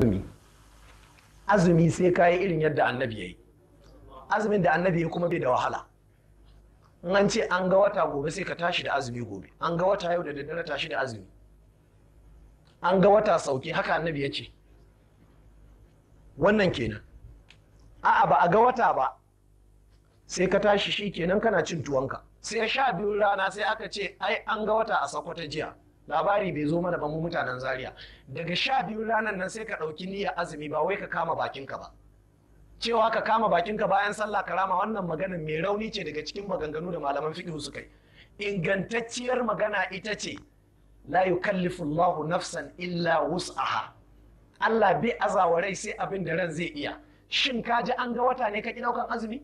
azumi azumi sai ka yi irin yadda annabi ya yi azumin da annabi ya kuma bai da wahala an ce an ga wata gobe sai ka tashi da azumi gobe an ga wata yau da daddare tashi da azumi an ga wata sauke haka annabi ya ce wannan kenan a'a ba a ga wata ba sai ka tashi shi kenan kana cin tuwonka sai sha biyu rana sai aka ce ai an ga wata a sakwata jiya labari bai zo mana ba mu mutanen zaria daga sha biyu ranar nan sai ka ɗauki niyyar azumi ba wai ka kama bakinka ba cewa ka kama bakinka bayan sallah ka wannan magana mai rauni ce daga cikin maganganu da malaman fiƙi su kai. ingantacciyar magana ita ce la yukallifu nafsan illa wus'aha Allah bai azawa rai sai abin da ran zai iya shin ka ji an ga wata ne ka ki daukan azumi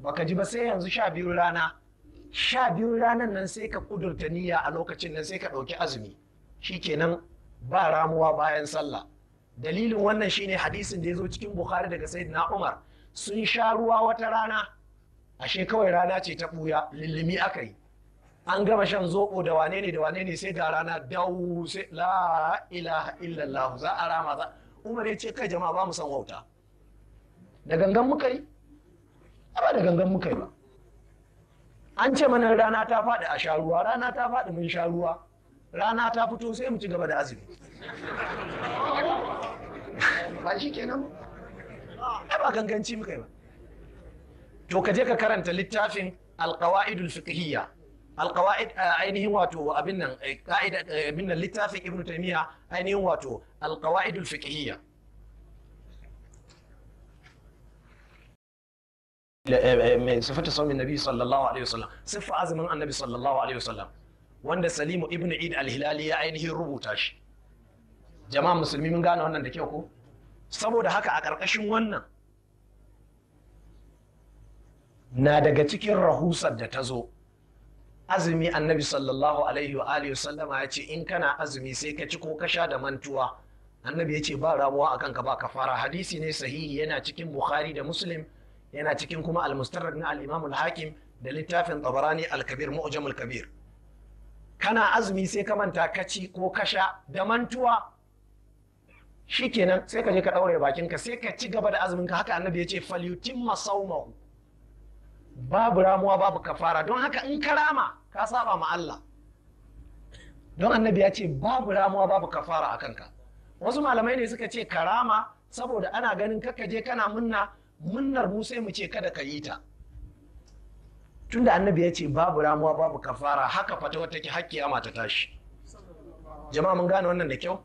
baka ji ba sai yanzu sha biyu rana sha biyu ranar nan sai ka kudurta niyya a lokacin nan sai ka ɗauki azumi Shi kenan ba ramuwa bayan sallah dalilin wannan shine hadisin da ya zo cikin bukhari daga sayyidina umar sun sha ruwa wata rana ashe kawai rana ce ta buya, lullumi aka yi an gama shan zobo da wane ne da wane ne sai ga rana dawu sai la ilaha illallah za a rama za umar ya ce kai jama'a ba mu san wauta da gangan muka yi ba da gangan muka yi ba an ce mana rana ta faɗi a sha ruwa rana ta faɗi mun sha ruwa rana ta fito sai mu ci gaba da azumi ba shi kenan ba ba ganganci muka yi ba to ka je ka karanta littafin alqawaidul fiqhiyya alqawaid eh, ainihin wato abin nan eh, ka'ida eh, abin nan littafin ibnu taymiya ainihin wato alqawaidul fiqhiyya Eh, eh, mai sifatu saumin nabi sallallahu alaihi wasallam azumin annabi sallallahu alaihi wasallam wanda salimu ibn id al-hilali ya ainihin rubuta shi jama'a musulmi mun gane wannan da kyau ko saboda haka a ƙarƙashin wannan na daga cikin rahusar da ta zo azumi annabi sallallahu alaihi wa alihi wasallam ya ce in kana azumi sai ka ci ko ka sha da mantuwa annabi ya ce ba ramuwa akan ka ba ka fara. hadisi ne sahihi yana cikin bukhari da muslim yana cikin kuma almustarrak na al-imam hakim da littafin tabarani al'kabir kabir kabir kana azumi sai ka manta kaci ko kasha da mantuwa Shi kenan sai ka je ka ɗaure bakin ka sai ka ci gaba da azumin ka haka annabi ya ce falyutimma sawmahu babu ramuwa babu kafara don haka in ka rama ka saba ma Allah don annabi ya ce babu ramuwa babu kafara a kanka wasu malamai ne suka ce karama saboda ana ganin kakaje je kana munna munnar mu sai mu ce kada ka yi ta tunda annabi ya ce babu ramuwa babu kafara haka fata wata ki hakki ya ta tashi jama'a mun gane wannan da kyau